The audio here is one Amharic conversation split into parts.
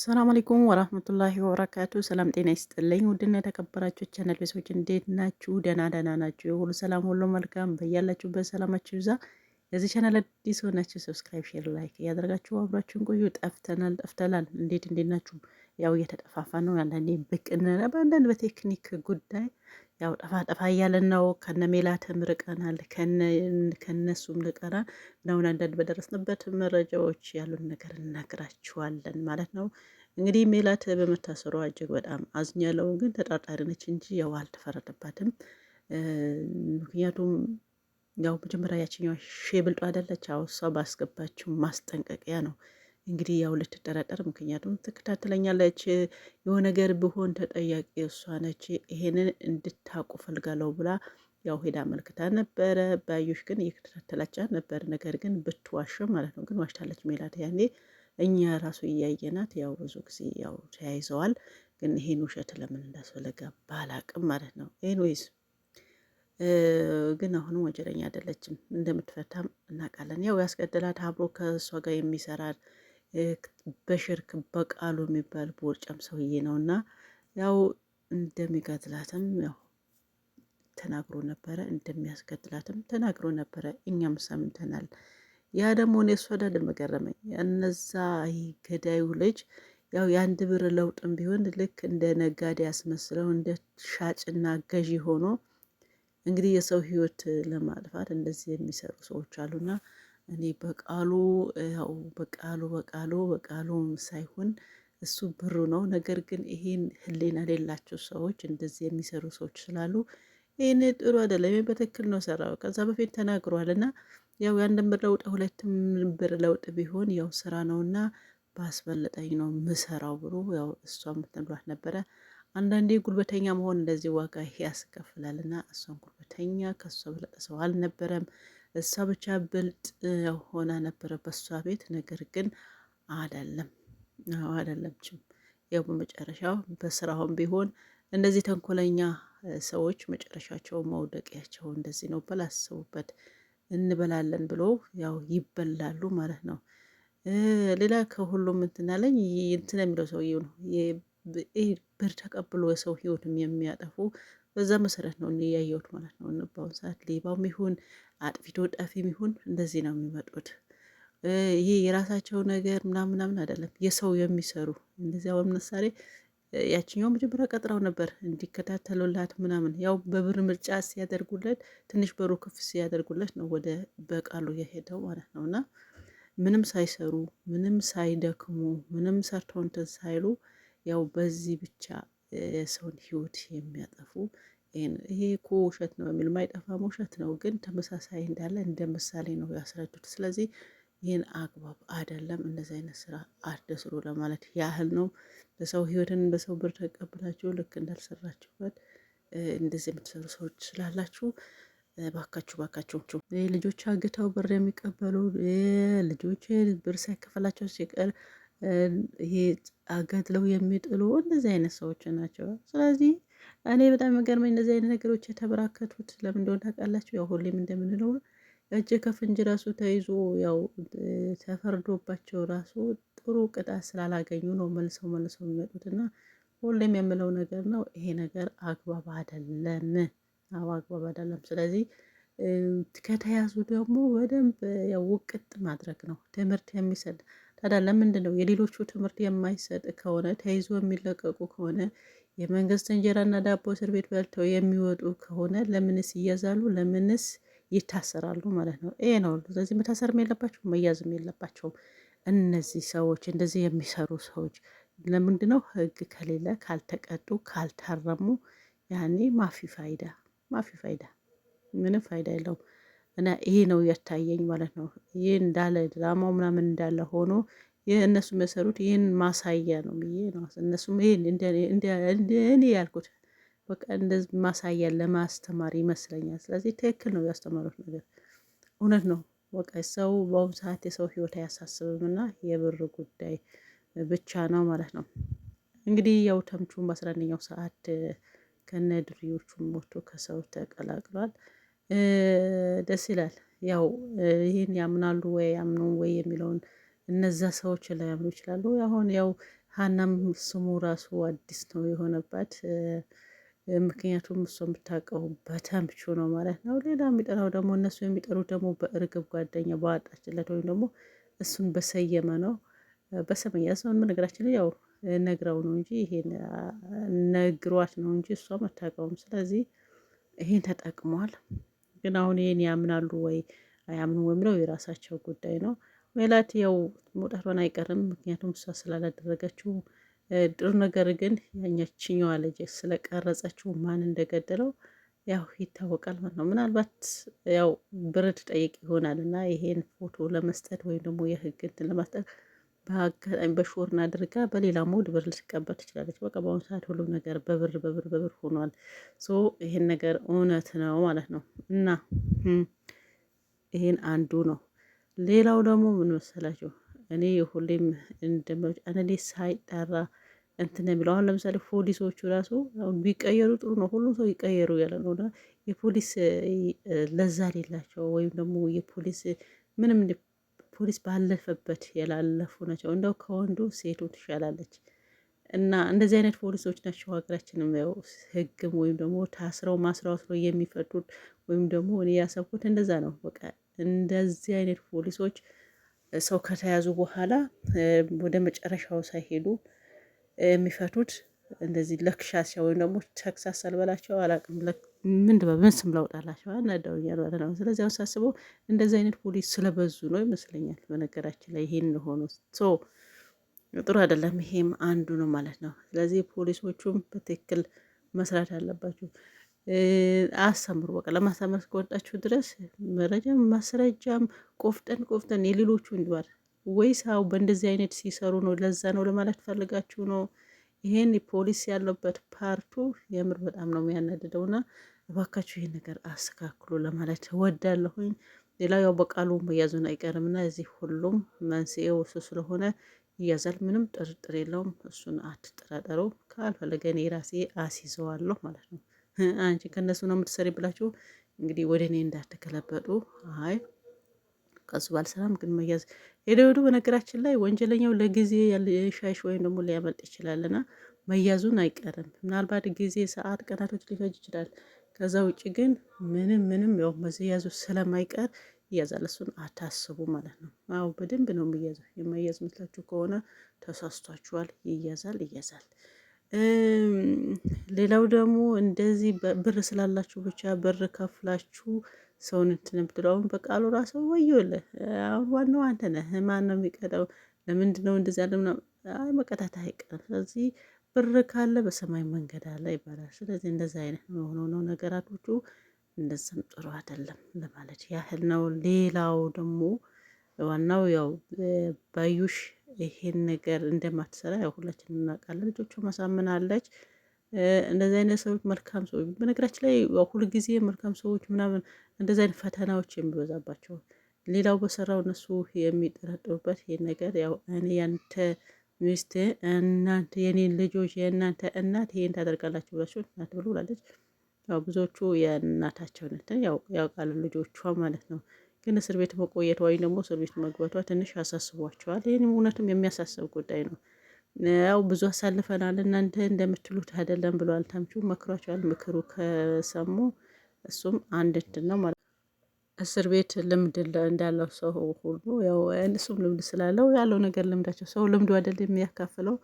ሰላም አለይኩም ወራህመቱላሂ ወበረካቱ። ሰላም ጤና ይስጥልኝ። ውድና የተከበራችሁ ቻናል ቤተሰቦች እንዴት ናችሁ? ደህና ደህና ናችሁ? ሁሉ ሰላም፣ ሁሉ መልካም። በያላችሁበት ሰላማችሁ ይብዛ። የዚህ ቻናል አዲስ ሆናችሁ ሰብስክራይብ፣ ሼር፣ ላይክ እያደረጋችሁ አብራችሁን ቆዩ። ጠፍተናል ጠፍተላል። እንዴት እንዴት ናችሁ? ያው እየተጠፋፋ ነው። አንዳንዴ ብቅ በአንዳንድ በቴክኒክ ጉዳይ ያው ጠፋ ጠፋ እያለን ነው። ከነ ሜላትም ርቀናል፣ ከነሱም ርቀናል። አሁን አንዳንድ በደረስንበት መረጃዎች ያሉን ነገር እነግራችኋለን ማለት ነው። እንግዲህ ሜላት በመታሰሯ እጅግ በጣም አዝኛለሁ። ግን ተጠርጣሪ ነች እንጂ ያው አልተፈረደባትም። ምክንያቱም ያው መጀመሪያ ያችኛዋ ሼ ብልጦ አይደለች አውሳ ባስገባችው ማስጠንቀቂያ ነው እንግዲህ ያው ልትጠራጠር፣ ምክንያቱም ትከታተለኛለች። የሆነ ነገር ብሆን ተጠያቂ እሷ ነች፣ ይሄንን እንድታቁ ፈልጋለሁ ብላ ያው ሄዳ አመልክታ ነበረ። ባዩሽ ግን እየተከታተላቻ ነበር። ነገር ግን ብትዋሽም ማለት ነው። ግን ዋሽታለች ሜላት። ያኔ እኛ ራሱ እያየናት ያው ብዙ ጊዜ ያው ተያይዘዋል። ግን ይሄን ውሸት ለምን እንዳስፈለገ ባላቅም ማለት ነው። ኤንዌይስ ግን አሁንም ወንጀለኛ አይደለችም፣ እንደምትፈታም እናውቃለን። ያው ያስገደላት አብሮ ከእሷ ጋር የሚሰራ በሽርክ በቃሉ የሚባል ቦርጫም ሰውዬ ነው እና ያው እንደሚገድላትም ያው ተናግሮ ነበረ፣ እንደሚያስገድላትም ተናግሮ ነበረ። እኛም ሰምተናል። ያ ደግሞ እኔ እሱ አይደለም ገረመኝ። እነዛ ገዳዩ ልጅ ያው የአንድ ብር ለውጥም ቢሆን ልክ እንደ ነጋዴ ያስመስለው እንደ ሻጭና ገዢ ሆኖ እንግዲህ የሰው ሕይወት ለማጥፋት እንደዚህ የሚሰሩ ሰዎች አሉና እኔ በቃሉ ያው በቃሉ በቃሉ በቃሉ ሳይሆን እሱ ብሩ ነው። ነገር ግን ይሄን ህሊና ሌላቸው ሰዎች እንደዚህ የሚሰሩ ሰዎች ስላሉ ይህን ጥሩ አይደለም። ይህ በትክክል ነው ሰራው ከዛ በፊት ተናግሯል እና ያው የአንድን ብር ለውጥ ሁለትም ብር ለውጥ ቢሆን ያው ስራ ነውና በአስበለጠኝ ነው ምሰራው ብሎ ያው እሷ ምትንሏት ነበረ። አንዳንዴ ጉልበተኛ መሆን እንደዚህ ዋጋ ያስከፍላልና እሷን ጉልበተኛ ከሷ በለጠ ሰው አልነበረም። እሷ ብቻ ብልጥ ሆና ነበረ በእሷ ቤት። ነገር ግን አይደለም አይደለምችም። ያው በመጨረሻው በስራውም ቢሆን እንደዚህ ተንኮለኛ ሰዎች መጨረሻቸው መውደቂያቸው እንደዚህ ነው። በላስቡበት እንበላለን ብሎ ያው ይበላሉ ማለት ነው። ሌላ ከሁሉም እንትን አለኝ እንትን የሚለው ሰውዬው ነው። ብር ተቀብሎ የሰው ህይወትም የሚያጠፉ በዛ መሰረት ነው እኔ ያየሁት ማለት ነው። በአሁን ሰዓት ሌባው ይሁን አጥፊቶ ጠፊም ይሁን እንደዚህ ነው የሚመጡት። ይሄ የራሳቸው ነገር ምናምን ምናምን አይደለም፣ የሰው የሚሰሩ እንደዚያ። ወይም ምሳሌ ያችኛው መጀመሪያ ቀጥረው ነበር እንዲከታተሉላት ምናምን፣ ያው በብር ምርጫ ሲያደርጉለት ትንሽ በሩ ክፍ ሲያደርጉለት ነው ወደ በቃሉ የሄደው ማለት ነው። እና ምንም ሳይሰሩ ምንም ሳይደክሙ ምንም ሰርተው እንትን ሳይሉ ያው በዚህ ብቻ የሰውን ህይወት የሚያጠፉ ይሄ እኮ ውሸት ነው የሚል ማይጠፋም ውሸት ነው፣ ግን ተመሳሳይ እንዳለ እንደ ምሳሌ ነው ያስረዱት። ስለዚህ ይህን አግባብ አይደለም፣ እንደዚህ አይነት ስራ አትስሩ ለማለት ያህል ነው። በሰው ህይወትን በሰው ብር ተቀብላችሁ ልክ እንዳልሰራችሁበት እንደዚህ የምትሰሩ ሰዎች ስላላችሁ ባካችሁ ባካችሁ ልጆች አግተው ብር የሚቀበሉ ልጆች ብር ሳይከፈላቸው ሲቀር ይሄ አገድለው የሚጥሉ እንደዚህ አይነት ሰዎች ናቸው። ስለዚህ እኔ በጣም የሚገርመኝ እንደዚህ አይነት ነገሮች የተበራከቱት ለምን እንደሆነ ታውቃላችሁ? ያው ሁሌም እንደምንለው እጅ ከፍንጅ ራሱ ተይዞ ያው ተፈርዶባቸው ራሱ ጥሩ ቅጣት ስላላገኙ ነው መልሰው መልሰው የሚመጡት እና ሁሌም የምለው ነገር ነው ይሄ ነገር አግባብ አይደለም። አዎ አግባብ አይደለም። ስለዚህ ከተያዙ ደግሞ በደንብ ያው ውቅጥ ማድረግ ነው ትምህርት የሚሰጥ ታዲያ ለምንድን ነው የሌሎቹ ትምህርት የማይሰጥ ከሆነ ተይዞ የሚለቀቁ ከሆነ የመንግስት እንጀራና ዳቦ እስር ቤት በልተው የሚወጡ ከሆነ ለምንስ ይያዛሉ? ለምንስ ይታሰራሉ ማለት ነው። ይሄ ነው። ስለዚህ መታሰርም የለባቸው መያዝም የለባቸውም። እነዚህ ሰዎች እንደዚህ የሚሰሩ ሰዎች ለምንድን ነው ህግ ከሌለ ካልተቀጡ ካልታረሙ፣ ያኔ ማፊ ፋይዳ ማፊ ፋይዳ ምንም ፋይዳ የለውም። እና ይሄ ነው ያታየኝ ማለት ነው። ይህ እንዳለ ድራማው ምናምን እንዳለ ሆኖ ይህ እነሱ መሰሩት ይህን ማሳያ ነው ብዬ ነው እነሱም እኔ ያልኩት በቃ እንደዚህ ማሳያ ለማስተማር ይመስለኛል። ስለዚህ ትክክል ነው ያስተማሩት ነገር እውነት ነው። በቃ ሰው በአሁኑ ሰዓት የሰው ህይወት አያሳስብም እና የብር ጉዳይ ብቻ ነው ማለት ነው። እንግዲህ ያው ተምቹም በአስራ አንደኛው ሰዓት ከነ ድሪዎቹም ከሰው ተቀላቅሏል። ደስ ይላል። ያው ይህን ያምናሉ ወይ ያምኑ ወይ የሚለውን እነዛ ሰዎች ላያምኑ ይችላሉ። አሁን ያው ሀናም ስሙ ራሱ አዲስ ነው የሆነባት። ምክንያቱም እሷ የምታውቀው በተምቹ ነው ማለት ነው። ሌላ የሚጠራው ደግሞ እነሱ የሚጠሩት ደግሞ በእርግብ ጓደኛ በዋጣችለት ወይም ደግሞ እሱን በሰየመ ነው በሰመያ ሰውን በነገራችን ያው ነግረው ነው እንጂ ይሄን ነግሯት ነው እንጂ እሷ አታውቀውም። ስለዚህ ይሄን ተጠቅሟል። ግን አሁን ይሄን ያምናሉ ወይ አያምኑ የሚለው የራሳቸው ጉዳይ ነው። ሜላት ያው መውጣቷን አይቀርም፣ ምክንያቱም እሷ ስላላደረገችው ጥሩ ነገር ግን ያኛችኛዋ ልጅ ስለቀረጸችው ማን እንደገደለው ያው ይታወቃል ማለት ነው። ምናልባት ያው ብርድ ጠይቅ ይሆናል እና ይሄን ፎቶ ለመስጠት ወይም ደግሞ የህግ እንትን ለማስጠት በአጋጣሚ በሾርና አድርጋ በሌላ ሞድ ብር ልትቀበል ትችላለች። በቃ በአሁኑ ሰዓት ሁሉም ነገር በብር በብር በብር ሆኗል። ሶ ይሄን ነገር እውነት ነው ማለት ነው። እና ይሄን አንዱ ነው። ሌላው ደግሞ ምን መሰላችሁ? እኔ ሁሌም እንደምለው እኔ ሳይጠራ እንትን የሚለው አሁን ለምሳሌ ፖሊሶቹ ራሱ ቢቀየሩ ጥሩ ነው። ሁሉም ሰው ይቀየሩ ያለ ነው። የፖሊስ ለዛ ሌላቸው ወይም ደግሞ የፖሊስ ምንም ፖሊስ ባለፈበት የላለፉ ናቸው። እንደው ከወንዱ ሴቱ ትሻላለች እና እንደዚህ አይነት ፖሊሶች ናቸው ሀገራችንም ያው ህግም ወይም ደግሞ ታስረው ማስራው ስለው የሚፈቱት ወይም ደግሞ እኔ ያሰብኩት እንደዛ ነው። በቃ እንደዚህ አይነት ፖሊሶች ሰው ከተያዙ በኋላ ወደ መጨረሻው ሳይሄዱ የሚፈቱት እንደዚህ ለክሻሻ ወይም ደግሞ ተክሳስ አልበላቸው አላቅም ምንድነው በምን ስም ላውጣላቸው አናዳውኛል ማለት ነው። ስለዚህ አሁን ሳስበው እንደዚህ አይነት ፖሊስ ስለበዙ ነው ይመስለኛል። በነገራችን ላይ ይሄን ሆኑ ሶ ጥሩ አይደለም። ይሄም አንዱ ነው ማለት ነው። ስለዚህ ፖሊሶቹም በትክክል መስራት አለባቸው። አስተምሩ በቃ ለማሳመር እስከወጣችሁ ድረስ መረጃም ማስረጃም ቆፍጠን ቆፍጠን የሌሎቹ እንዲባል ወይስ አው በእንደዚህ አይነት ሲሰሩ ነው ለዛ ነው ለማለት ፈልጋችሁ ነው? ይሄን ፖሊስ ያለበት ፓርቱ የምር በጣም ነው የሚያናድደውና እባካችሁ ይህን ነገር አስተካክሉ ለማለት እወዳለሁኝ። ሌላው ያው በቃሉ መያዙን አይቀርምና እዚህ ሁሉም መንስኤው እሱ ስለሆነ ይያዛል። ምንም ጥርጥር የለውም። እሱን አትጠራጠሩ። ካልፈለገ እኔ ራሴ አስይዘዋለሁ ማለት ነው። አንቺ ከእነሱ ነው የምትሰሪ ብላችሁ እንግዲህ ወደ እኔ እንዳትገለበጡ። አይ ከሱ ባልሰራም ግን መያዝ ሄደ ወዱ። በነገራችን ላይ ወንጀለኛው ለጊዜ ሻሽ ወይም ደግሞ ሊያመልጥ ይችላልና መያዙን አይቀርም። ምናልባት ጊዜ፣ ሰዓት፣ ቀናቶች ሊፈጅ ይችላል። ከዛ ውጭ ግን ምንም ምንም ያው መያዙ ስለማይቀር ይያዛል። እሱን አታስቡ ማለት ነው። አዎ በደንብ ነው የሚያዘው። የማያዝ መስላችሁ ከሆነ ተሳስቷችኋል። ይያዛል፣ ይያዛል። ሌላው ደግሞ እንደዚህ ብር ስላላችሁ ብቻ ብር ከፍላችሁ ሰውን እንትን የምትለው አሁን በቃሉ ራሱ ወዮልህ። አሁን ዋናው አንተ ነህ። ማን ነው የሚቀጣው? ለምንድን ነው እንደዚህ ያለ ምናምን? መቀጣት አይቀርም። ስለዚህ ብር ካለ በሰማይ መንገድ አለ ይባላል። ስለዚህ እንደዚህ አይነት ነው የሆነው ነገራቶቹ እንደዚም ጥሩ አይደለም ለማለት ያህል ነው። ሌላው ደግሞ ዋናው ያው ባዩሽ ይሄን ነገር እንደማትሰራ ያው ሁላችንም እናውቃለን። ልጆቹ ማሳምናለች። እንደዚህ አይነት ሰዎች መልካም ሰዎች በነገራችን ላይ ሁልጊዜ መልካም ሰዎች ምናምን እንደዚህ አይነት ፈተናዎች የሚበዛባቸው ሌላው በሰራው እነሱ የሚጠረጥሩበት ይሄን ነገር ያው እኔ ያንተ ሚስት እናንተ የኔ ልጆች የእናንተ እናት ይሄን ታደርጋላችሁ ብላችሁ እናት ብሎ ብላለች። ያው ብዙዎቹ የእናታቸውን እንትን ያውቃሉ ልጆቿ ማለት ነው። ግን እስር ቤት መቆየት ወይም ደግሞ እስር ቤት መግባቷ ትንሽ ያሳስቧቸዋል። ይህን እውነትም የሚያሳስብ ጉዳይ ነው። ያው ብዙ አሳልፈናል እናንተ እንደምትሉት አይደለም ብለዋል። ታምቹ መክሯቸዋል። ምክሩ ከሰሙ እሱም አንድ እንትን ነው ማለት እስር ቤት ልምድ እንዳለው ሰው ሁሉ ያው እሱም ልምድ ስላለው ያለው ነገር ልምዳቸው ሰው ልምዱ አይደል የሚያካፍለው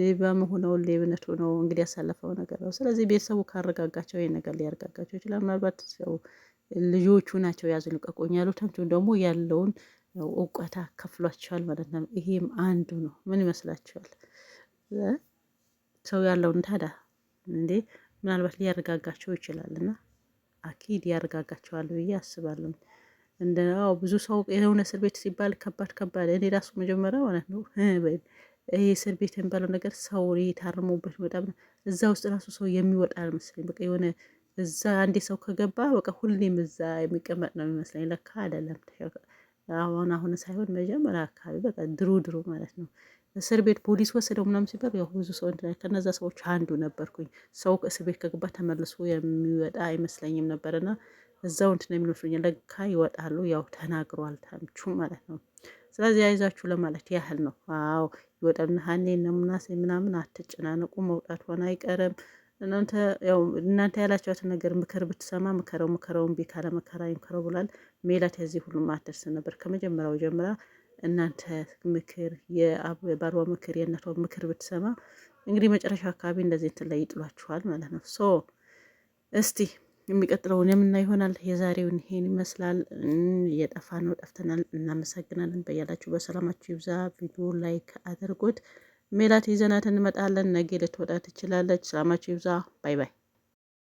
ሌባም ሆነው ሌብነት ሆነው እንግዲህ ያሳለፈው ነገር ነው። ስለዚህ ቤተሰቡ ካረጋጋቸው ይህ ነገር ሊያረጋጋቸው ይችላል። ምናልባት ሰው ልጆቹ ናቸው ያዙ ልቀቁኝ ያሉት፣ ደግሞ ያለውን እውቀት ከፍሏቸዋል ማለት ነው። ይሄም አንዱ ነው። ምን ይመስላችኋል? ሰው ያለውን ታዲያ እንዴ ምናልባት ሊያረጋጋቸው ይችላልና አኪድ ያረጋጋቸዋል ብዬ አስባለሁ። እንደው ብዙ ሰው የሆነ እስር ቤት ሲባል ከባድ ከባድ እኔ ራሱ መጀመሪያ ማለት ነው ይሄ እስር ቤት የሚባለው ነገር ሰው የታረሙበት በጣም እዛ ውስጥ ራሱ ሰው የሚወጣ አልመስለኝ። በቃ የሆነ እዛ አንዴ ሰው ከገባ በቃ ሁሌም እዛ የሚቀመጥ ነው የሚመስለኝ። ለካ አይደለም አሁን አሁን ሳይሆን መጀመሪያ አካባቢ በቃ ድሮ ድሮ ማለት ነው እስር ቤት ፖሊስ ወሰደው ምናምን ሲባል ያው ብዙ ሰው ከነዛ ሰዎች አንዱ ነበርኩኝ። ሰው እስር ቤት ከግባ ተመልሶ የሚወጣ አይመስለኝም ነበር ነበርና እዛው እንትን የሚመስሉኝ ለካ ይወጣሉ። ያው ተናግሯል ታምቹ ማለት ነው። ስለዚህ አይዛችሁ ለማለት ያህል ነው። አዎ ይወጣሉ። ሀኔ ነሙናሴ ምናምን አትጨናነቁ፣ ሆነ አይቀርም። እናንተ ያው እናንተ ያላችኋትን ነገር ምክር ብትሰማ ምከረው፣ ምከረው እምቢ ካለ መከራ ይምከረው ብሏል። ሜላት የዚህ ሁሉም አትደርስ ነበር ከመጀመሪያው ጀምራ እናንተ ምክር የባሏ ምክር የእናቷ ምክር ብትሰማ እንግዲህ መጨረሻ አካባቢ እንደዚህ እንትን ላይ ይጥሏችኋል ማለት ነው። ሶ እስቲ የሚቀጥለውን የምና ይሆናል። የዛሬውን ይሄን ይመስላል። የጠፋ ነው ጠፍተናል። እናመሰግናለን። በያላችሁ በሰላማችሁ ይብዛ። ቪዲዮ ላይክ አድርጉት። ሜላት ይዘናት እንመጣለን። ነገ ልትወጣ ትችላለች። ሰላማችሁ ይብዛ። ባይ ባይ